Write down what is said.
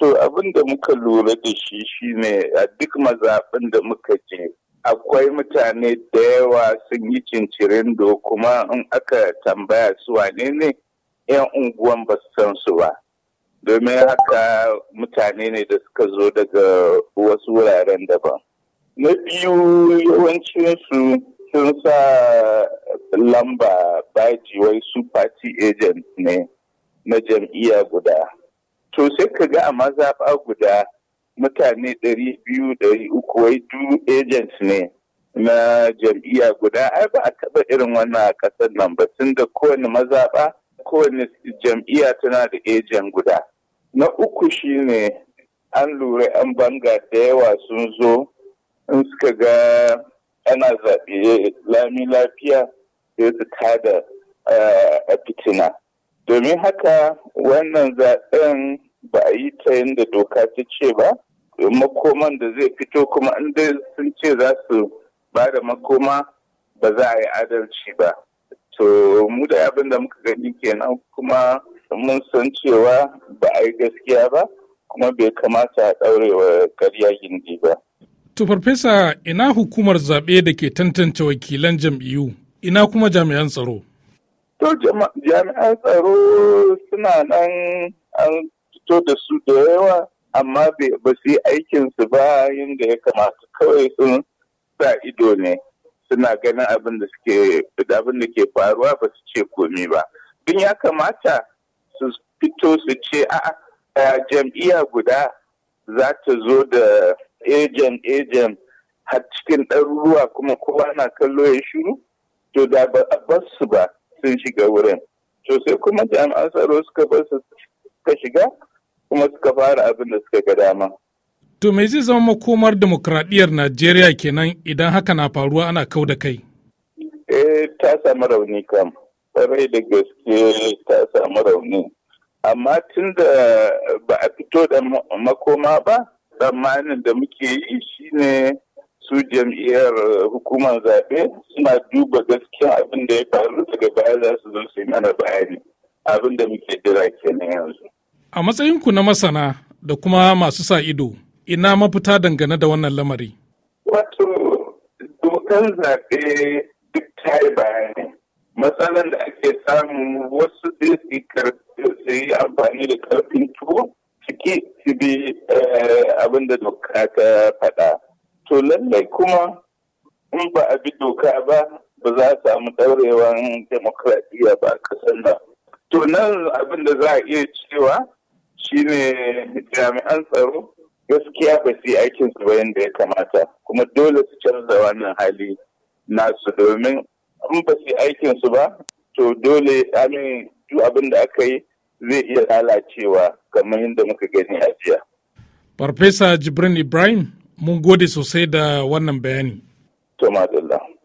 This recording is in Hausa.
to abin da muka lura da shi shine a duk mazaɓin da muka je akwai mutane da yawa sun yi cincirin do kuma in aka tambaya su wane ne 'yan unguwan ba su san su ba domin haka mutane ne da suka zo daga wasu wuraren daban na biyu yawancinsu sun sa lamba baji wai su party agent ne na jam'iyya guda to sai ka ga a mazaɓa guda mutane ɗari biyu ɗari uku wai du agent ne na jam'iyya guda ai ba a taɓa irin wannan a ƙasar nan ba tun da kowane mazaɓa kowane jam'iyya tana da ejen guda na uku shine an lura an banga da yawa sun zo in suka ga ana zaɓe lami lafiya sai su tada eh, a fitina domin haka wannan zaɓen ba a yi ta yadda doka ta ce ba makoman da zai fito kuma inda sun ce za su ba da makoma ba za a yi adalci ba to mu da abin da muka gani kenan kuma mun san cewa ba a yi gaskiya ba kuma bai kamata a ɗaurewa karya gindi ba. To farfesa ina hukumar zaɓe da ke tantance wakilan jam'iyyu ina kuma jami'an tsaro? To jami'an tsaro suna nan an fito da su da yawa amma ba su yi aikinsu ba yadda ya kamata kawai sun sa ido ne suna ganin abin da suke abin da ke faruwa ba su ce komi ba. Dun ya kamata su fito su ce a jam'iyya guda za ta zo da ejen ejen har cikin ɗaruruwa kuma kowa na kallo ya shiru to da ba su ba. sun shiga wurin to sai kuma jami'an tsaro suka bar su ka shiga kuma suka fara abin da suka ga dama to me zai zama makomar demokradiyyar najeriya kenan idan haka na faruwa ana kau da kai eh ta samu rauni kam kwarai da gaske ta samu rauni amma tun da ba a fito da makoma ba tsammanin da muke yi shine su jam'iyyar eh, hukumar zaɓe suna duba gaskiya abin da ya faru daga baya za su zo su yi mana bayani abin da muke jira kenan yanzu. A matsayinku na masana da kuma masu sa ido ina mafita dangane da wannan lamari. Wato dokar zaɓe duk ta yi bayani. Matsalar da ake samu wasu zai su yi amfani da karfin tuwo ciki su bi eh, abin da doka ta faɗa. to lallai kuma in ba a bi doka ba ba za a samu ɗaurewan demokradiyya ba a ƙasar ba. To nan abin da za a iya cewa shine jami'an tsaro gaskiya ba su yi aikin su ba yadda ya kamata kuma dole su canza wannan hali nasu domin in ba su yi aikin su ba to dole amin duk abin da aka yi zai iya lalacewa kamar yadda muka gani a jiya. Farfesa Jibrin Ibrahim mun gode sosai da wannan bayani. To